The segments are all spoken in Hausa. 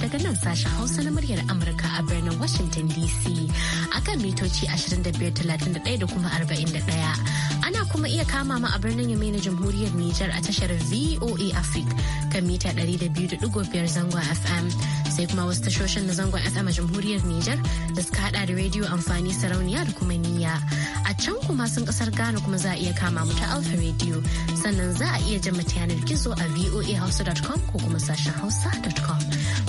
daga nan sashen Hausa na muryar Amurka a birnin Washington DC akan mitoci 2531 da kuma 41. Ana kuma iya kama ma a birnin Yamai na Jamhuriyar Nijar a tashar VOA Africa kan mita 200.5 zangon FM. sai kuma wasu tashoshin na zangon FM a jamhuriyar Nijar da suka hada da rediyo amfani sarauniya da kuma niyya. A can kuma sun kasar Ghana kuma za a iya kama mu ta Alfa Radio sannan za a iya jan mata yanar gizo a voahausa.com ko kuma sashen hausa.com.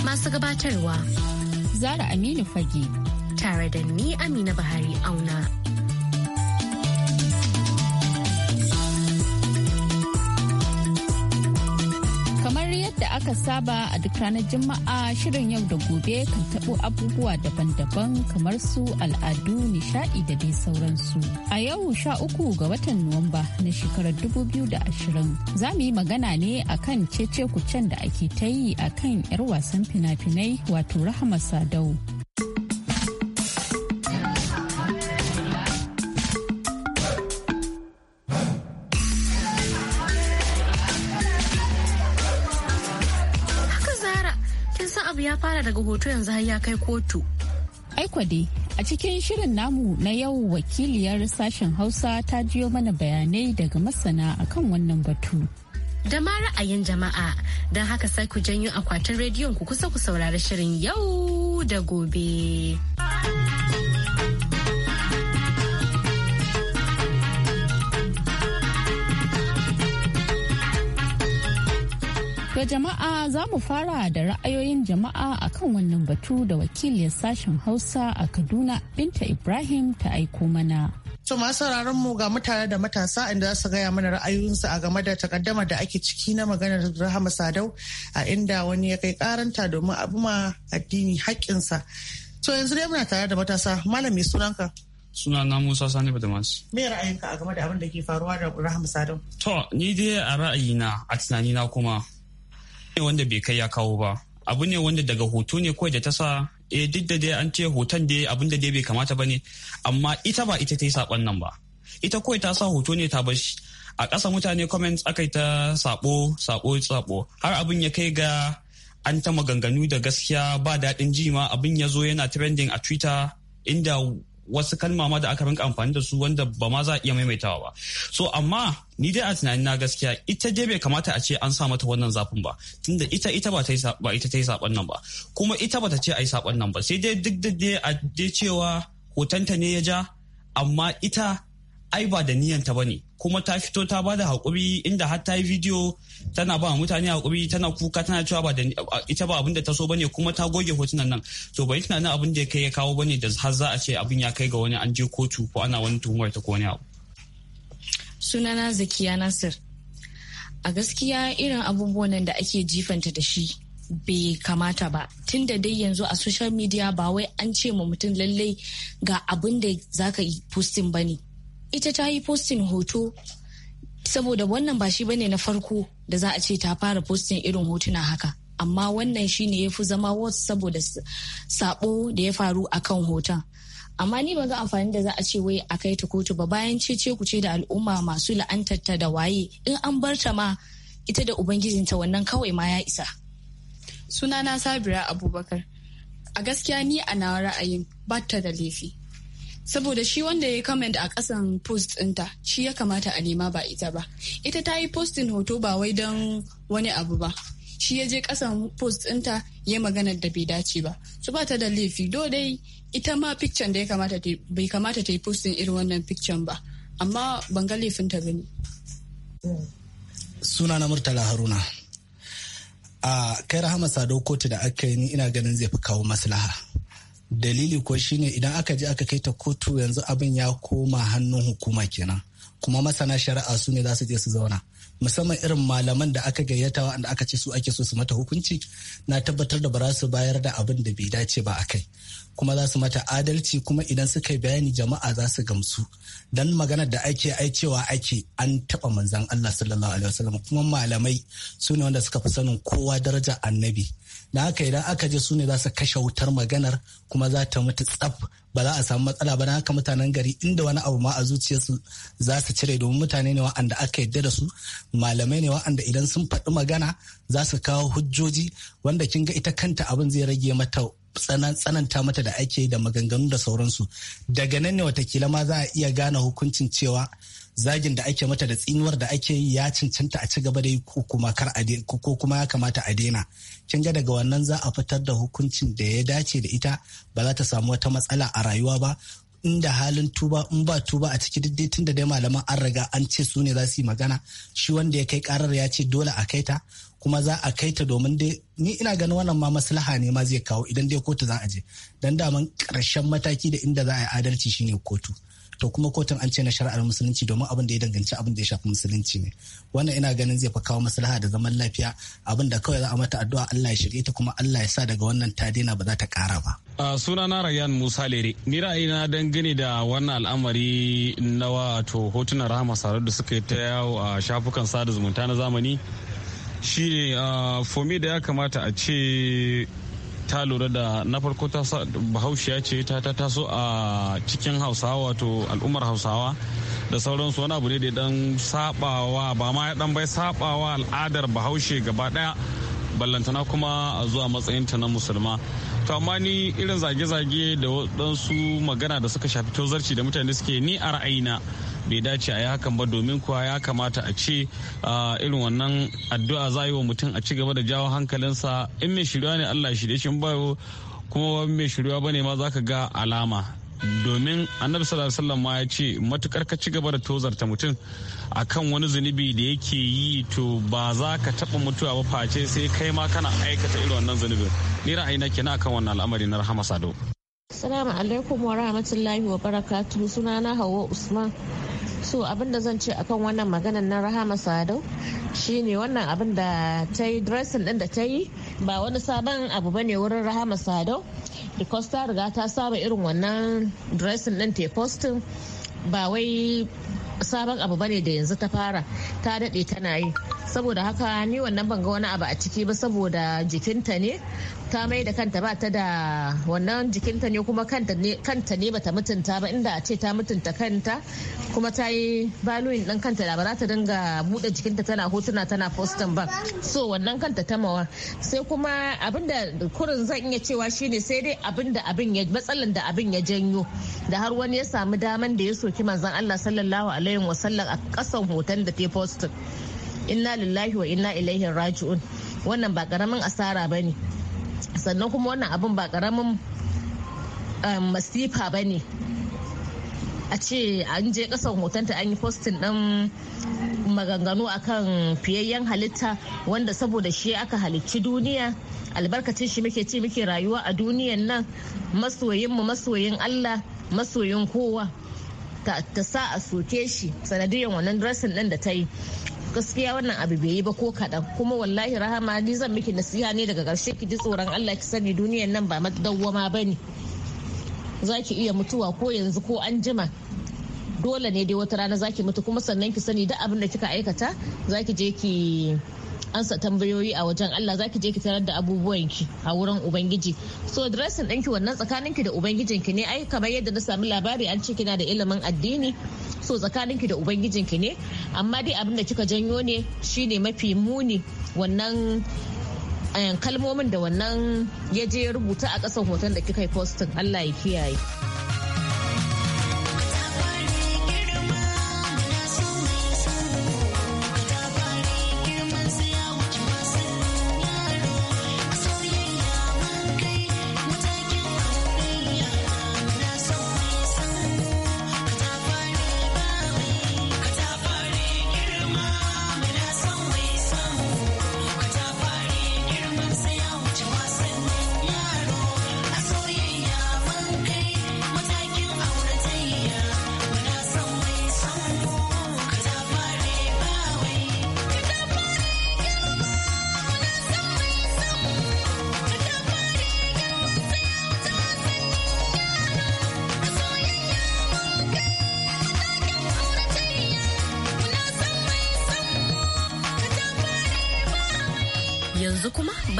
Masu gabatarwa. Zara Aminu Fage. Tare da ni Amina Bahari Auna. aka saba a duk ranar Juma'a shirin yau da gobe kan taɓo abubuwa daban-daban kamar su al'adu, nishaɗi da dai sauransu. A yau sha uku ga watan Nuwamba na shekarar dubu biyu da ashirin za mu yi magana ne akan cece kucen da ake ta yi akan 'yar wasan fina-finai wato Rahama Sadau. fara daga hoto yanzu har ya kai kotu. Aikwa dai a cikin shirin namu na yau wakiliyar sashen Hausa ta jiyo mana bayanai daga masana akan wannan batu. Da ma ra'ayin jama'a don haka sai ku janyo akwatin rediyon ku kusa ku saurari shirin yau da gobe. To jama'a za mu fara da ra'ayoyin jama'a akan wannan batu da wakiliyar sashen Hausa a Kaduna Binta Ibrahim ta aiko mana. To masu sauraron mu ga mutane da matasa inda za su gaya mana ra'ayoyinsu a game da takaddama da ake ciki na maganar Rahama Sadau a inda wani ya kai karanta domin abu ma addini haƙƙinsa. To yanzu dai muna tare da matasa malami sunanka. suna na Musa Sani ba da masu. Me ra'ayinka a game da abin da ke faruwa da Rahama Sadau? To, ni dai a ra'ayina a tunanina kuma ne wanda bai kai ya kawo ba abu ne wanda daga hoto ne kawai da ta sa eh duk da dai an ce hoton dai abin da dai bai kamata ba ne amma ita ba ita ta yi saɓon nan ba ita kawai ta sa hoto ne ta shi. a ƙasa mutane comments aka yi ta saɓo saɓo saɓo har abin ya kai ga an ta maganganu da gaskiya ba daɗin ji abin ya zo yana trending a twitter inda wasu kalma ma da aka rinka amfani da su wanda ba ma za a iya maimaitawa ba so amma ni dai a tunanin na gaskiya ita dai bai kamata a ce an sa mata wannan zafin ba tunda ita ita ba ba ita ta yi saban nan ba kuma ita ba ta ce a yi saban nan ba sai dai duk da dai a dai cewa hotonta ne ya ja amma ita ai ba da niyanta ba ne kuma ta fito ta ba da haƙuri inda har ta yi bidiyo tana ba mutane haƙuri tana kuka tana cewa ba da ita ba abin da ta so ba ne kuma ta goge hotunan nan to bai tunanin abin da ya kai ya kawo ba ne da har za a ce abin ya kai ga wani an je kotu ko ana wani tuhumar ta ko wani abu sunana zakiya nasir a gaskiya irin abubuwan da ake jifanta da shi bai kamata ba tun da dai yanzu a social media ba wai an ce ma mutum lallai ga abin da zaka yi posting ba ne ita ta yi postin hoto saboda wannan ba shi bane na farko da za a ce ta fara postin irin hotuna haka amma wannan shine ya fi zama wasu saboda sabo da ya faru akan hoton amma ni ban ga amfani da za a ce wai a kai ta kotu ba bayan cece ku ce da al'umma masu la'antarta da waye in an bar ta ma ita da ubangijinta wannan kawai ma ya isa sunana sabira abubakar a gaskiya ni a nawa ra'ayin ba ta da laifi saboda shi wanda ya yi comment a kasan post ɗinta shi ya kamata a nema ba ita ba ita ta yi postin hoto ba wai don wani abu ba shi ya je kasan post ɗinta ya magana da bai dace ba su ba ta da laifi do dai ita ma picture da ya kamata bai kamata ta yi postin irin wannan picture ba amma ban ga laifin ta bane suna na murtala haruna a kai rahama sadau kotu da aka yi ni ina ganin zai fi kawo maslaha dalili ko shine idan aka je aka kai ta kotu yanzu abin ya koma hannun hukuma kenan kuma masana shari'a su ne za su je su zauna musamman irin malaman da aka gayyata wanda aka ce su ake so su mata hukunci na tabbatar da ba za su bayar da abin da bai dace ba a kai kuma za su mata adalci kuma idan suka yi bayani jama'a za su gamsu dan magana da ake ai cewa ake an taba manzan Allah sallallahu alaihi wasallam kuma malamai su ne wanda suka fi sanin kowa daraja annabi da haka idan aka je su ne za su kashe wutar maganar kuma za ta mutu tsaf ba za a samu matsala ba don haka mutanen gari inda wani abu ma a zuciyarsu za su cire domin mutane ne wa'anda aka yadda da su malamai ne wa'anda idan sun faɗi magana za su kawo hujjoji wanda kin ga ita kanta abin zai rage mata tsananta mata da ake da maganganu da sauransu daga nan ne watakila ma za a iya gane hukuncin cewa zagin da ake mata da tsinuwar da ake yi ya cancanta a ci gaba da yi ko kuma ya kamata a daina kin ga daga wannan za a fitar da hukuncin da ya dace da ita ba za ta samu wata matsala a rayuwa ba inda halin tuba in ba tuba a ciki duk tun da dai malaman an riga an ce su ne za su yi magana shi wanda ya kai karar ya ce dole a kai ta kuma za a kai ta domin dai ni ina ganin wannan ma maslaha ne ma zai kawo idan dai kotu za a je dan daman karshen mataki da inda za a yi adalci shine kotu to kuma kotun an ce na shari'ar musulunci domin abin da ya danganci abin da ya shafi musulunci ne wannan ina ganin zai fi kawo maslaha da zaman lafiya abin da kawai za a mata addu'a Allah ya shirye ta kuma Allah ya sa daga wannan ta daina ba za ta kara ba a na Rayan Musa Lere ni ra'ayina dangane da wannan al'amari na wato hotunan Rahama sarar da suka yi ta yawo a shafukan sada zumunta na zamani shine ah, for me da ya kamata a ce ta lura da na farko ta bahaushiya ce ta taso a cikin hausawa wato al'ummar hausawa da sauransu wani abu ne da dan sabawa ba ma dan bai sabawa al'adar bahaushe gaba daya ballantana kuma a zuwa matsayin ta na musulma to amma ni irin zage-zage da wadansu magana da suka shafi tozarci da mutane suke ni a ra'ayina bai dace a yi hakan ba domin kuwa ya kamata a ce irin wannan addu'a za yi wa mutum a ci gaba da jawo hankalinsa in mai shirya ne allah shirye shi bayo kuma mai shirya ba ne ma za ka ga alama domin annabi sallallahu alaihi wasallam ma ya ce matukar ka ci gaba da tozarta mutum akan wani zunubi da yake yi to ba za ka taba mutuwa ba face sai kai ma kana aikata irin wannan zunubin ni na kenan akan wannan al'amari na rahama sado Assalamu alaikum wa rahmatullahi wa barakatuhu sunana Hauwa Usman so abin da zan ce akan wannan maganan na rahama sadau shine wannan abin da ta yi dressing din da ta yi ba wani sabon abu ba ne wurin rahama sadau because ta riga ta saba irin wannan dressing din ta posting ba wai sabon abu bane da yanzu ta fara ta daɗe tana yi saboda haka ni wannan banga wani abu a ciki ba saboda jikinta ne ta mai da kanta ba ta da wannan jikinta ne kuma kanta ne bata mutunta ba inda a ce ta mutunta kanta kuma ta yi baluyin dan kanta da ba za ta dinga bude jikinta tana hotuna tana postan ba so wannan kanta ta mawa sai kuma abinda kurin zan iya cewa shine sai dai abinda abin ya matsalan da abin ya janyo da har wani ya samu daman da ya soki manzon Allah sallallahu alaihi wasallam a kasan hoton da ta postin inna lillahi wa inna ilaihi raji'un wannan ba karamin asara bane sannan kuma wannan abin ba karamin um, masifa bane ne a ce an je kasan hotonta an yi postin ɗan maganganu akan fiyayyen halitta wanda saboda shi aka halicci duniya albarkacin shi muke ce muke rayuwa a duniyan nan masoyin mu masoyin allah masoyin kowa ta sa a soke shi sanadiyan wannan dressing din da ta yi gaskiya wannan abu bai yi ba ko kaɗan kuma wallahi rahama ni zan miki nasiha ne daga ƙarshe ki ji tsoron Allah ki sani duniyan nan ba madawwama ba ne za ki iya mutuwa ko yanzu ko an jima dole ne dai wata rana za mutu kuma sannan ki sani duk abin da kika aikata za ki je ki ansa tambayoyi a wajen Allah zaki je ki tarar da abubuwan ki a wurin ubangiji so dressing ɗinki wannan ki da ubangijin ki ne ai kamar yadda na samu labari an ce kina da ilimin addini so tsakanin ki da ubangijin ki ne amma dai abin da kika janyo ne shine mafi muni wannan eh, kalmomin da wannan ya je rubuta a ƙasan hoton da kika yi posting Allah ya kiyaye.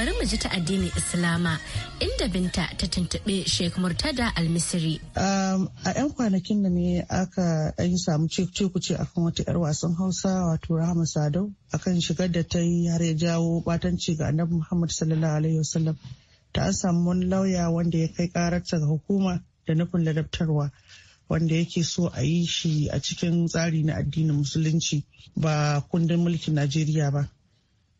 bari mu ji ta addinin Islama inda binta ta tuntuɓe Sheikh Murtada Almisiri. Um, a 'yan kwanakin da ne aka yi samu cikuce akan wata 'yar wasan Hausa wato Rahama Sadau akan shigar da ta yi har ya jawo batanci ga Annabi Muhammad sallallahu alaihi wasallam. Ta an samu wani lauya wanda ya kai kararta ga hukuma da nufin ladabtarwa. wanda yake so a yi shi a cikin tsari na addinin musulunci ba kundin mulkin najeriya ba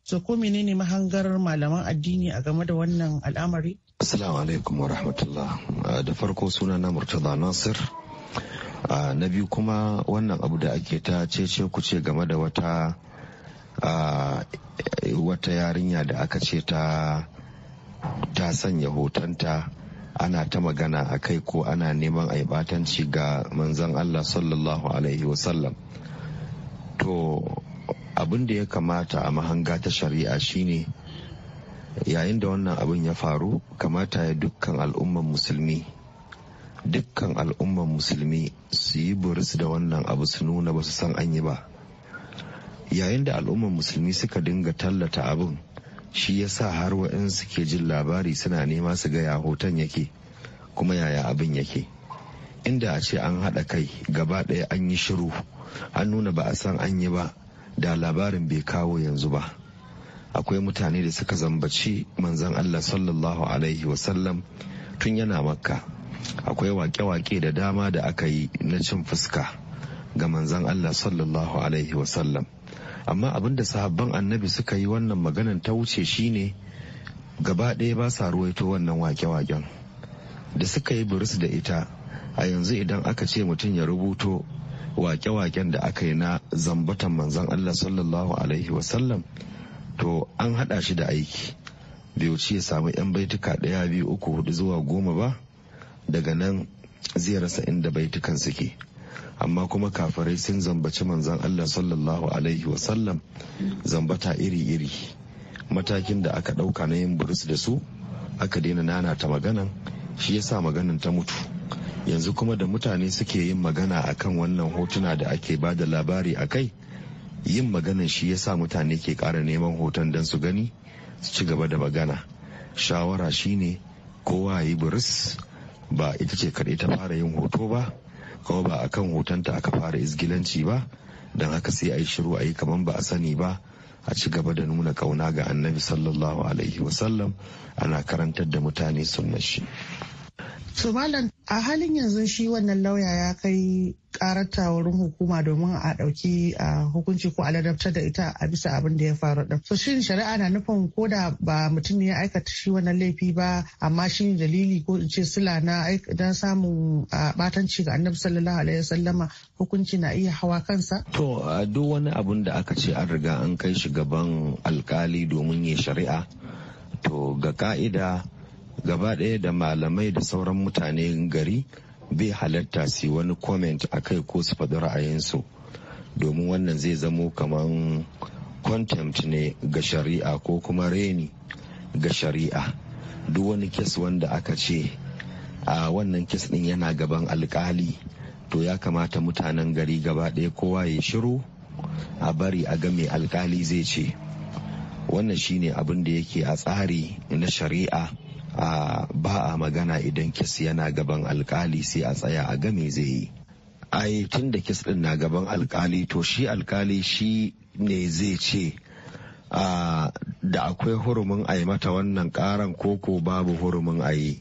So ko menene mahangar malaman addini a game da wannan al'amari? Assalamu alaikum wa rahmatullah. Ah, da farko suna na Murtaza Nasir. Ah, na biyu kuma wannan abu da ake ta cece ce game da wata ah, wata yarinya da aka ce ta ta sanya hotonta ana ta magana a kai ko ana neman a yi batanci ga manzon Allah sallallahu alaihi wasallam. To abin da ya kamata a mahanga ta shari'a shine yayin da wannan abin ya faru kamata ya dukkan al'umman musulmi dukkan al'umman musulmi su yi buris da wannan abu su nuna ba su san an yi ba yayin da al'umman musulmi suka dinga tallata abin shi ya sa har wa'in suke jin labari suna nema su ga ya hoton yake kuma yaya abin yake inda a ce an haɗa kai gaba ɗaya an yi shiru an nuna ba a san an yi ba da labarin bai kawo yanzu ba akwai mutane da suka zambaci manzan allah sallallahu alaihi wasallam tun yana makka akwai wake-wake da dama da aka yi na cin fuska ga manzan allah sallallahu alaihi wasallam amma abinda sahabban annabi suka yi wannan maganan ta wuce shine gaba ɗaya ba sa ruwaito wannan wake-waken da suka yi buris da ita a yanzu idan aka ce mutum ya rubuto wake-waken da aka yi na zambatan manzan Allah sallallahu alaihi wasallam to an hada shi da aiki bai wuce ya samu 'yan baituka ɗaya biyu uku hudu zuwa goma ba daga nan ziyararsa inda baitukan suke amma kuma kafarai sun zambaci manzan Allah sallallahu alaihi wasallam zambata iri-iri matakin da aka ɗauka na yin burus da su aka daina nana ta maganan shi yasa maganan ta mutu yanzu kuma da mutane suke yin magana a kan wannan hotuna da ake ba da labari a kai yin maganan shi ya sa mutane ke ƙara neman hoton don su gani su ci gaba da magana shawara shine kowa yi buris ba ita ce kaɗai ta fara yin hoto ba kuma ba a kan hotonta aka fara izgilanci ba don haka sai a yi shiru a yi kamar ba a sani ba a ci gaba da nuna kauna ga annabi sallallahu alaihi wasallam ana karantar da mutane sunnar shi. So Malam a halin yanzu shi wannan lauya ya kai karata wurin hukuma domin a ɗauki hukunci ko aladabtar da ita a bisa abin da ya faru da So shin shari'a na nufin ko da ba mutum ne ya aikata shi wannan laifi ba amma shi ne dalili ko in ce sila na don samun batanci ga annabi sallallahu alaihi sallama hukunci na iya hawa kansa. To duk wani abun da aka ce an riga an kai shi gaban alkali domin ya shari'a to ga ka'ida gaba ɗaya da malamai da sauran mutane gari bai halarta su wani comment a kai ko su faɗi ra'ayinsu domin wannan zai zamo kamar contempt ne ga shari'a ko kuma reni ga shari'a duk wani kes wanda aka ce a wannan kes ɗin yana gaban alkali to ya kamata mutanen gari gaba ɗaya kowa ya shiru a bari a ga mai alkali zai ce wannan shine abin da yake a tsari na shari'a ba a magana idan kis yana gaban alkali sai a tsaya a game zai yi ai tun da kis din na gaban alkali to shi alkali shi ne zai ce da akwai hurumin a yi mata wannan karan koko babu hurumin a yi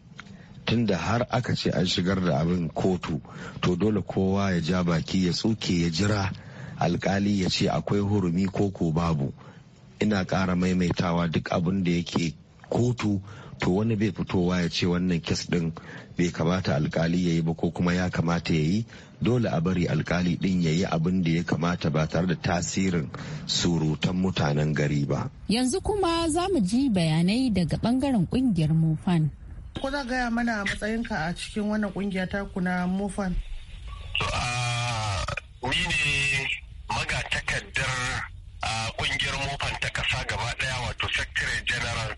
Tun da har aka ce an shigar da abin kotu to dole kowa ya ja baki ya tsuke ya jira alkali ya ce akwai hurumi koko babu ina ƙara maimaitawa duk abin da yake kotu to wani bai fitowa ya ce wannan kes din bai kamata alkali ya yi ba ko kuma ya kamata ya yi dole a bari alkali din ya yi abin da ya kamata ba tare da tasirin surutan mutanen gari ba yanzu kuma za mu ji bayanai daga bangaren kungiyar mofan kuna gaya mana a matsayinka a cikin wannan kungiya taku na mufan. a kungiyar mufan ta kasa gaba daya wato secretary general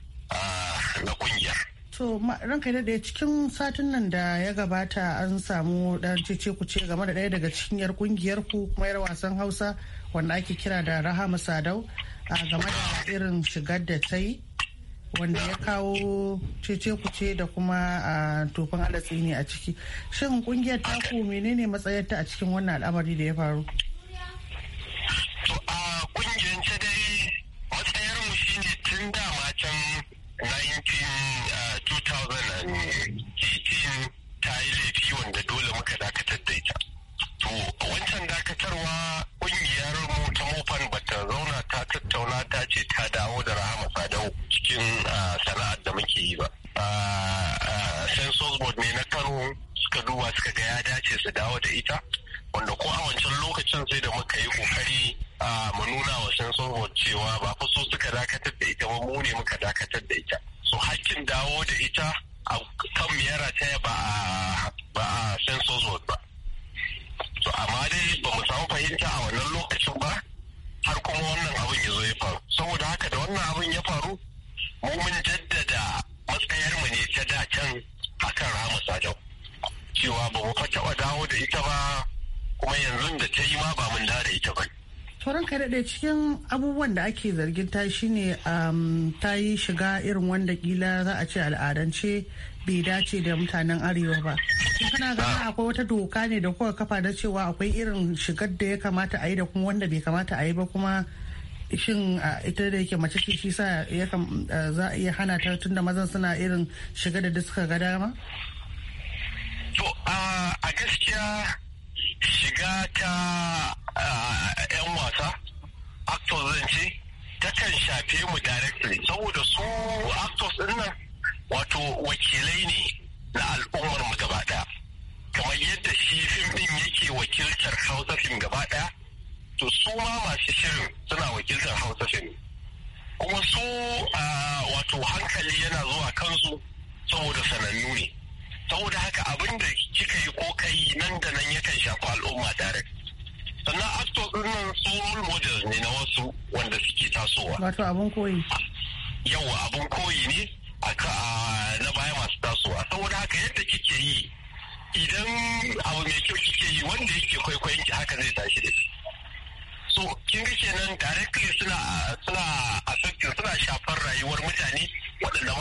na kungiyar. To ranka daya cikin satin nan da ya gabata an samu ɗan cece ce game da ɗaya daga cikin yar kungiyar ku kuma yar wasan Hausa wanda ake kira da Rahama Sadau a game da irin shigar da ta yi wanda ya kawo cece ce da kuma a tofin alatsi ne a ciki. Shin kungiyar ku menene matsayarta a cikin wannan al'amari da ya faru? To a kungiyar dai matsayarmu shine tun dama can 2018 ta yi laifi wanda dole muka dakatar da ita. To wancan dakatarwa ƙungiyar mu ta mofan bata zauna ta tattauna ta ce ta dawo da rahama sadau cikin sana'ar da muke yi ba. sensors board ne na Kano suka duba suka ga ya dace su dawo da ita wanda ko an lokacin sai da muka yi kokari a manuna nuna wa cewa ba fa so suka dakatar da ita ba mu ne muka dakatar da ita so hakkin dawo da ita a kan miyara ta ba a ba a ba so amma dai ba mu samu fahimta a wannan lokacin ba har kuma wannan abin ya zo ya faru saboda haka da wannan abin ya faru mu mun jaddada mu ne ta da can akan ramu sajau cewa ba mu fa taba dawo da ita ba kuma yanzu da ta yi ma ba mun da ita ba Tauran ka daɗe cikin abubuwan da ake zargin ta shi ne um, ta yi shiga irin wanda kila za a ce al'adance bai dace da mutanen arewa ba kana ganin akwai wata doka ne da kuka kafa da cewa akwai irin shigar da ya kamata a yi da kuma wanda bai kamata a yi ba kuma shin ita da yake mace ce shi sa za a iya hana ta tunda mazan suna irin shiga da suka ga dama to a gaskiya shiga ta yan wasa actors zan ce takan shafe mu directly saboda su actors din nan wato wakilai ne na al'ummar mu gaba kamar yadda shi fim din yake wakiltar hausa fim gaba to su ma masu shirin suna wakiltar hausa fim kuma su wato hankali yana zuwa kansu saboda sanannu ne saboda haka abin da kika yi ko kai nan da nan yakan shafi al'umma direct sannan actors din nan su role models ne na wasu wanda suke tasowa wato abin koyi yawa abin koyi ne a na baya masu tasowa saboda haka yadda kike yi idan abu mai kyau kike yi wanda yake kwaikwayon ki haka zai tashi da shi so kin ga kenan directly suna suna affect suna shafar rayuwar mutane waɗanda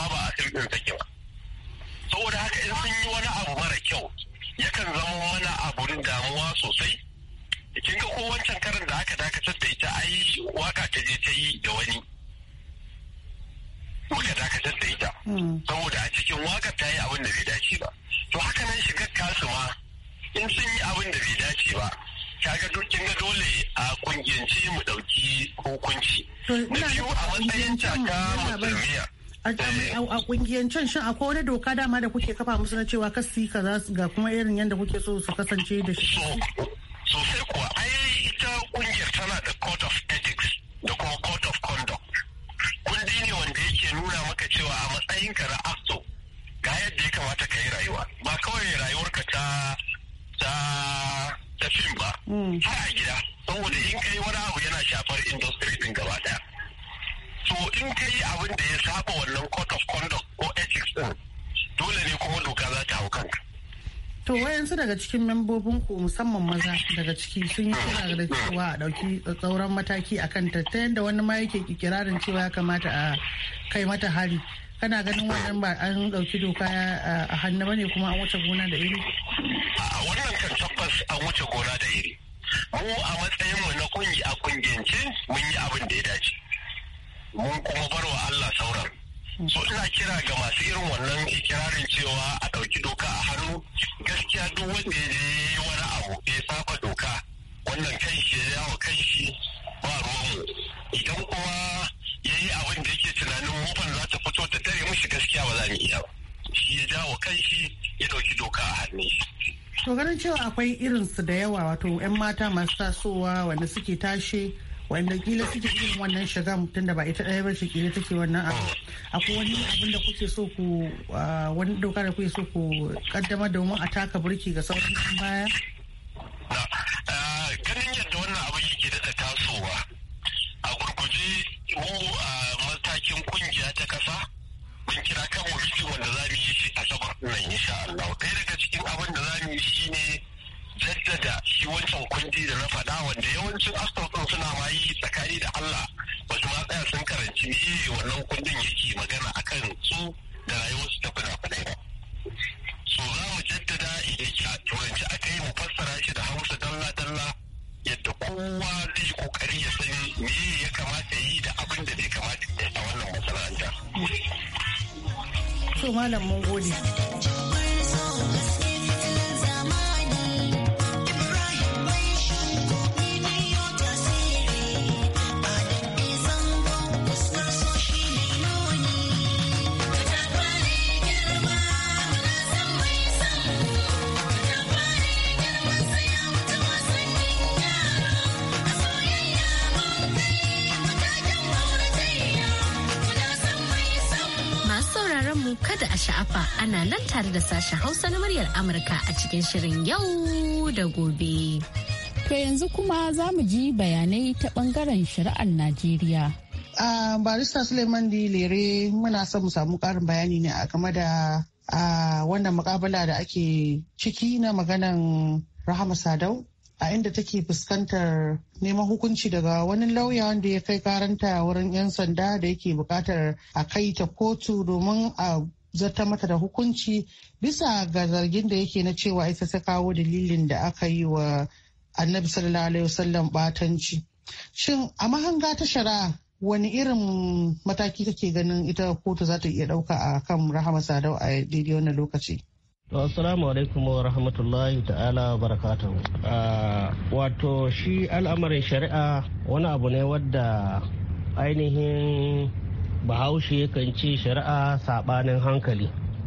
jami'a a can shin akwai wani doka dama da kuke kafa musu na cewa kasi kaza ga kuma irin yadda kuke so su kasance da shi sosai kuwa ai ita kungiyar tana da court of ethics da kuma court of conduct kundi ne wanda yake nuna maka cewa a matsayin na aso ga yadda ya kamata ka yi rayuwa ba kawai rayuwarka ta ta ta fim ba hmm. har a gida saboda in kai wani abu yana shafar industry din gaba so in ka yi abin da ya saba wannan code of conduct ko ethics din dole ne kuma doka za ta hau kanka to wayansu daga cikin membobin ku musamman maza daga ciki sun yi kira da cewa a dauki tsauran mataki a kan ta yadda wani ma yake kikirarin cewa ya kamata a kai mata hari kana ganin wannan ba an dauki doka eh, a hannu bane kuma an wuce gona da iri a wannan kan tabbas an wuce gona da iri mu a matsayin mu na kungi kungiyance mun yi abin da ya dace mun kuma bar wa Allah sauran so ina kira ga masu irin wannan ikirarin cewa a ɗauki doka a hannu gaskiya duk wanda ya yi wani abu ya saba doka wannan kan shi ya yawo kan shi ba ruwanmu idan kuma ya yi abin da yake tunanin mufan za ta fito ta tare mishi gaskiya ba za mu iya shi ya jawo kan shi ya ɗauki doka a hannun To ganin cewa akwai irinsu da yawa wato 'yan mata masu tasowa wanda suke tashe wanda kila suke irin wannan shiga mutum da ba ita ɗaya ba ce kila take wannan abu akwai wani abin da kuke so ku ah, wani doka da kuke so ku da mu a taka burki ga sauran yan baya ah, ganin yadda wannan abu yake da tasowa a gurguje mu a ah, matakin kungiya ta kasa mun kira kan wani wanda za mu yi shi saman nan insha Allah ɗaya daga cikin abin da za mu yi shine ne jaddada shi wancan kundi da na faɗa wanda yawancin astrofin suna ma yi tsakani da Allah ba su ma sun karanci ne wannan kundin yake magana akan su da rayuwarsu ta fina-finai ba. So za mu jaddada idan a turanci aka yi mu fassara shi da hausa dalla-dalla yadda kowa zai kokari ya sani me ya kamata yi da abin da bai kamata a wannan masana'anta. So malam mun gode. da sashen Hausa na muryar Amurka a cikin shirin yau da gobe. To yanzu kuma za mu ji bayanai ta bangaren shari'ar Najeriya. A barista Suleiman Lere muna son mu samu karin bayani ne a game da wannan mukabala da ake ciki na maganan Rahama Sadau a inda take fuskantar neman hukunci daga wani lauya wanda ya kai karanta wurin 'yan sanda da yake bukatar a kai ta kotu domin a zata mata da hukunci bisa ga zargin da yake na cewa ita ta kawo dalilin da aka yi wa annabi sallallahu alaihi wasallam batanci shin a mahanga ta shari'a wani irin mataki kake ganin ita kotu za ta iya ɗauka a kan rahama sadau a daidai wannan lokaci To assalamu alaikum wa rahmatullahi ta'ala wa barakatuhu. wato shi al'amarin shari'a wani abu ne wadda ainihin bahaushe kan ce shari'a sabanin hankali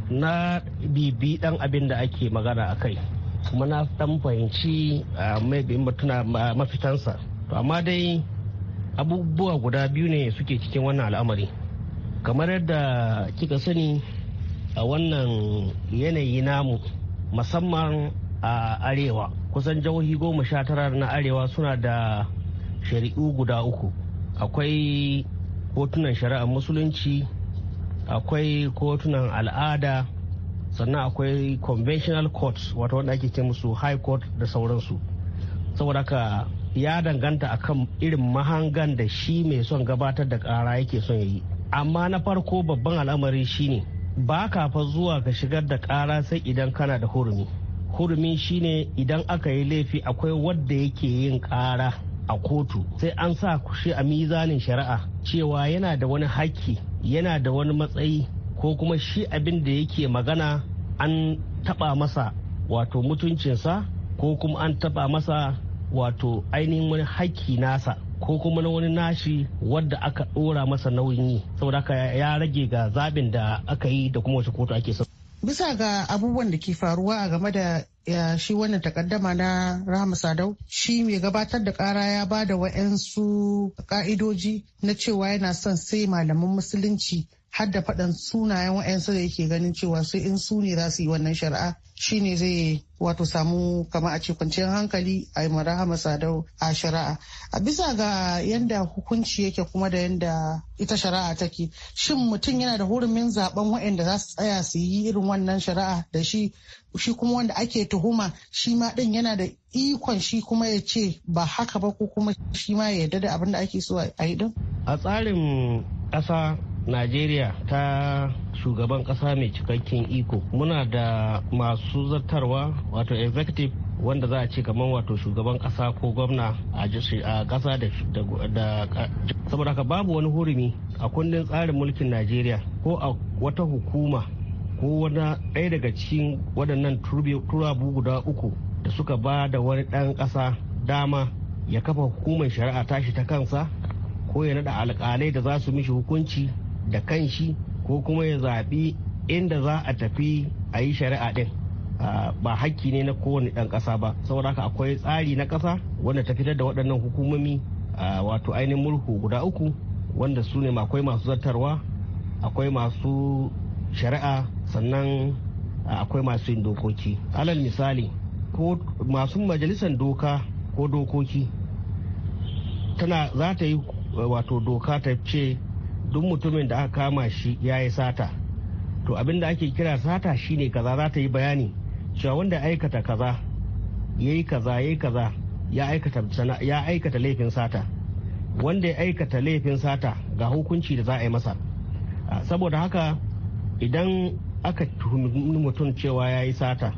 na bibi dan abin da ake magana a kai kuma na dan fahimci mafitansa to amma dai abubuwa guda biyu ne suke cikin wannan al'amari kamar yadda kika sani a wannan yanayi namu musamman a arewa kusan jihohi goma sha tara na arewa suna da shari'u guda uku akwai kotunan shari'a musulunci akwai kotunan al'ada sannan akwai conventional courts wato wanda ake ce musu high court da sauransu saboda ka ya danganta a kan irin mahangan da shi mai son gabatar da kara yake son yi amma na farko babban al'amari shine ba kafa zuwa ga shigar da kara sai idan kana da hurumi hurumi shine idan aka yi laifi akwai wadda yake yin kara a kotu sai an sa shi a mizanin shari'a cewa yana da wani haƙƙi yana da wani matsayi ko kuma shi abin da yake magana an taɓa masa wato mutuncinsa ko kuma an taɓa masa wato ainihin wani haƙƙi nasa ko kuma na wani nashi wadda aka ɗora masa nauyin yi saboda haka ya rage ga zaɓin da aka yi da kuma wasu kotu ake bisa ga abubuwan da ke faruwa game da shi wannan takaddama na Rahama Sadau shi mai gabatar da kara ya ba da wa'yansu ka'idoji na cewa yana son sai malaman musulunci har da faɗan sunayen wa'yansu da yake ganin cewa sai in su ne za su yi wannan shari'a shine zai wato samu kama a ce kwanciyar hankali a yi marahama sadau a shari'a a bisa ga yadda hukunci yake kuma da yadda ita shari'a take shin mutum yana da hurumin zaben wa'anda za su tsaya su yi irin wannan shari'a da shi shi kuma wanda ake tuhuma shi ma din yana da ikon shi kuma ya ce ba haka ba ko kuma shi ma ya yarda da abin da ake so a yi din a tsarin ƙasa najeriya ta shugaban kasa mai cikakken iko muna da masu zartarwa wato executive wanda za a ce kamar wato shugaban kasa ko gwamna a kasa da saboda haka babu wani hurumi a kundin tsarin mulkin najeriya ko a wata hukuma ko wani ɗaya daga cikin waɗannan turabu guda uku da suka ba da wani ɗan ƙasa dama ya kafa hukumar shari'a tashi ta kansa ko ya naɗa alƙalai da za su mishi hukunci da kanshi ko kuma ya zaɓi inda za a tafi a yi shari'a ɗin ba hakki ne na kowane ɗan ƙasa ba saboda haka akwai tsari na ƙasa wanda ta fitar da waɗannan hukumomi wato ainihin mulku guda uku wanda su ne akwai masu zartarwa akwai masu shari'a sannan akwai masu yin dokoki alal misali ko masu majalisar doka ko dokoki tana za ta yi wato doka ta ce duk mutumin da aka kama shi ya yi sata to abinda ake kira sata shine kaza za ta yi bayani cewa wanda aikata kaza ya yi kaza ya yi kaza ya aikata laifin sata wanda ya aikata laifin sata ga hukunci da za a yi masa saboda haka idan aka tuhumi mutum cewa ya yi sata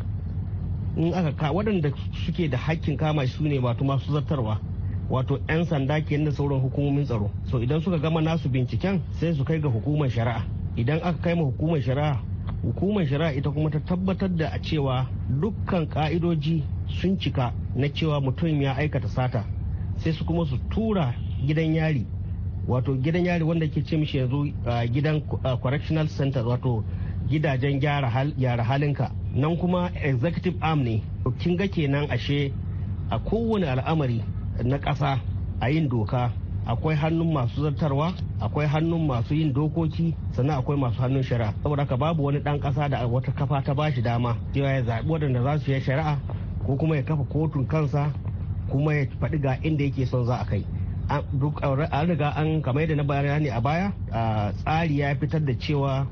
in waɗanda suke da hakkin kama shi ne wato masu zartarwa wato 'yan sanda kenan da sauran hukumomin tsaro so idan suka gama nasu binciken sai su kai ga hukumar shari'a idan aka kai ma hukumar shari'a hukumar shari'a ita kuma ta tabbatar da a cewa dukkan ka'idoji sun cika na cewa mutum ya aikata sata sai su kuma su tura gidan yari wato gidan yari wanda ke ce mishi yanzu gidan correctional center wato gidajen gyara halinka nan kuma executive arm ne kin ga kenan ashe a kowane al'amari na ƙasa a yin doka akwai hannun masu zartarwa akwai hannun masu yin dokoki sannan akwai masu hannun shari'a saboda haka babu wani ɗan ƙasa da wata kafa ta ba shi dama cewa ya zaɓi waɗanda za su yi shari'a ko kuma ya kafa kotun kansa kuma ya faɗi ga inda yake son za a kai an riga an kamar da na bayani a baya tsari ya fitar da cewa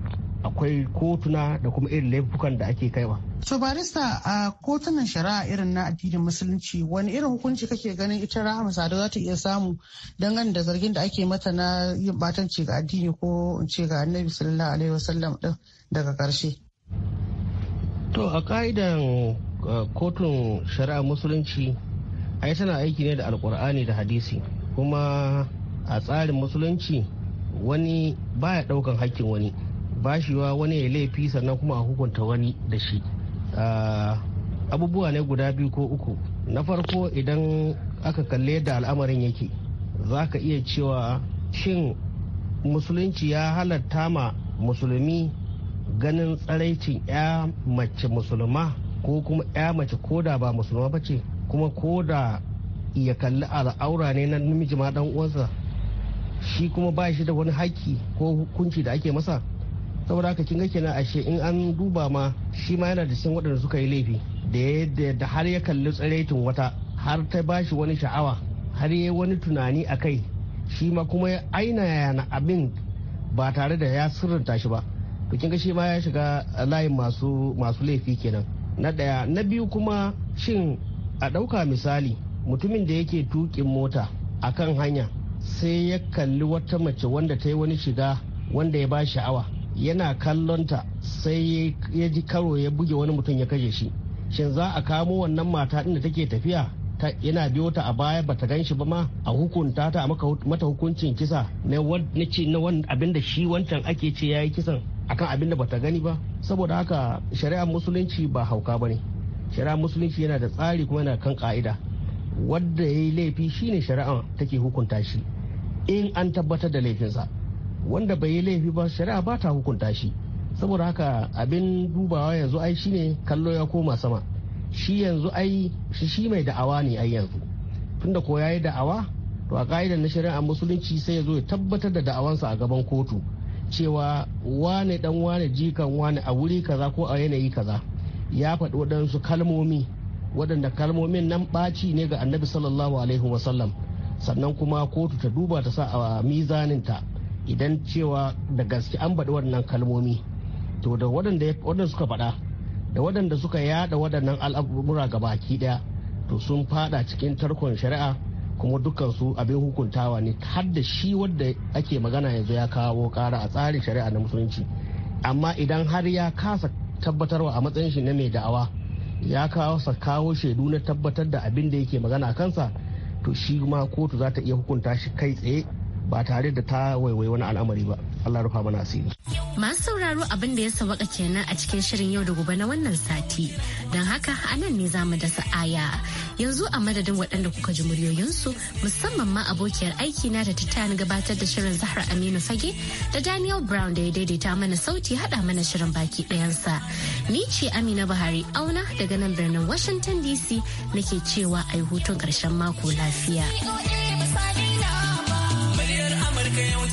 akwai kotuna da kuma irin laifukan da ake kaiwa. so barista a kotunan shari'a irin na addinin musulunci wani irin hukunci kake ganin ita rahama sada za ta iya samu dangane da zargin da ake mata na yin batanci ga addini ko in ce ga annabi sallallahu alaihi wasallam din daga karshe. To a ka'idan kotun shari'a musulunci ai tana aiki ne da alkur'ani da hadisi kuma a tsarin musulunci wani baya daukan hakkin wani. bashiwa wani ya laifi sannan kuma a hukunta wani da shi ah, abubuwa ne guda biyu ko uku na farko idan aka kalle da al'amarin yake za ka iya cewa shin musulunci ya halatta ma musulmi ganin tsaraicin 'ya mace musulma ko kuma 'ya mace koda ba musulma ba ce kuma koda ya kalli al'aura ne na namiji ma dan uwansa shi kuma ba shi da wani haƙƙi ko hukunci da ake masa saboda haka kin ga kenan ashe in an duba ma shi ma yana da san waɗanda suka yi laifi da yadda har ya kalli tsiraitin wata har ta bashi wani sha'awa har ya wani tunani a kai shi ma kuma aina yana abin ba tare da ya sirrinta shi ba to kin ga shi ma ya shiga layin masu masu laifi kenan na ɗaya na biyu kuma shin a ɗauka misali mutumin da yake tukin mota a kan hanya sai ya kalli wata mace wanda ta yi wani shiga wanda ya ba sha'awa yana kallonta sai ya ji karo ya buge wani mutum ya kashe shi shin za a kamo wannan mata inda take tafiya yana biyo ta a baya bata gan shi ba ma a hukunta ta a mata hukuncin kisa na abin da shi wancan ake ce ya yi kisan akan abin da bata gani ba saboda haka shari'ar musulunci ba hauka ba ne shari'ar musulunci yana da tsari kuma yana kan ka'ida wadda ya yi laifi shine shari'a take hukunta shi in an tabbatar da laifinsa wanda bai yi laifi ba shari'a ba ta hukunta shi saboda haka abin dubawa yanzu ai shine kallo ya koma sama shi yanzu ai shi shi mai da'awa ne ai yanzu tunda ko yayi da'awa to a ka'idar na shari'a musulunci sai ya zo ya tabbatar da da'awansa a gaban kotu cewa wane dan wane jikan wane a wuri kaza ko a yanayi kaza ya faɗi waɗansu kalmomi waɗanda kalmomin nan ɓaci ne ga annabi sallallahu alaihi wasallam sannan kuma kotu ta duba ta sa a mizaninta idan cewa da gaske an baɗi waɗannan kalmomi to da waɗanda suka faɗa da waɗanda suka yaɗa waɗannan al'amura baki ɗaya to sun fada cikin tarkon shari'a kuma dukansu abin hukuntawa ne har da shi wadda ake magana yanzu ya kawo kara a tsarin shari'a na musulunci amma idan har ya kasa tabbatarwa a matsayin shi na mai da'awa ya kasa kawo shaidu na tabbatar da abin da yake magana kansa to shi ma kotu za ta iya hukunta shi kai tsaye ba tare da ta waiwai wani al'amari ba Allah rufa mana asiri masu sauraro abin da ya sawaka kenan a cikin shirin yau da gobe na wannan sati don haka anan ne zamu dasa aya yanzu a madadin waɗanda kuka ji muryoyinsu musamman ma abokiyar aiki na da ta gabatar da shirin Zahra Aminu Fage da Daniel Brown da ya daidaita mana sauti hada mana shirin baki ɗayansa ni ce Amina Buhari auna daga nan birnin Washington DC nake cewa ai hutun ƙarshen mako lafiya. que you.